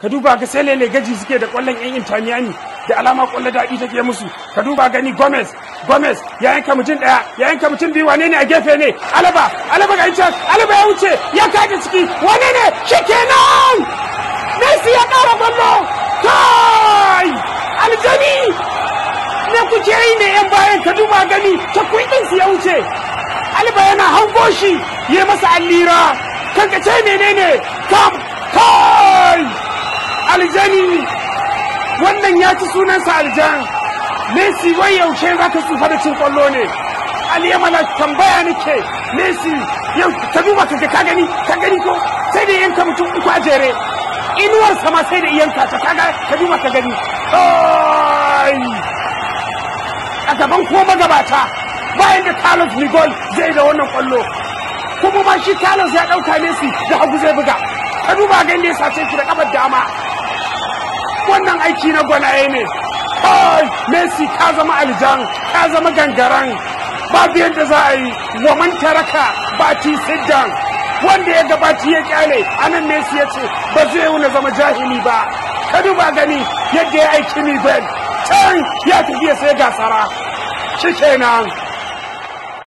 ka duba ga sai lele gaji suke da kwallon yan intamiyani da alama kwallo daɗi take musu ka duba gani gomez gomez ya yanka mutum ɗaya ya yanka mutum biyu wane ne a gefe ne alaba alaba ga can alaba ya wuce ya kaji ciki wane ne shi nan messi ya ƙara kwallo kai aljani ne kuke yi ne yan bayan ka duba gani ta kuɗinsu ya wuce alaba yana hango shi ya masa allira kankace menene kam aljani wannan ya ci sunansa aljan messi wai yaushe za ka tsufa da cin kwallo ne aliyamala tambaya nake messi yau ta duba ka ka gani ka gani ko sai da yanka mutum uku a jere inuwarsa sama sai da yanka ta kaga ka duba ka gani a gaban ko magabata bayan da carlos miguel zai da wannan kwallo kuma ma shi carlos ya dauka messi da hagu zai buga ka duba ganin da ya sace shi da kafar dama wannan aiki na gwanaye ne kai messi ka zama aljan ka zama gangaran babu yadda za a yi wa man taraka ti siddan wanda ya gabaci ya kyale anan messi ya ce ba zai wuna zama jahili ba ka duba gani yadda ya aiki ni ben can ya tafiya sai gasara shi kenan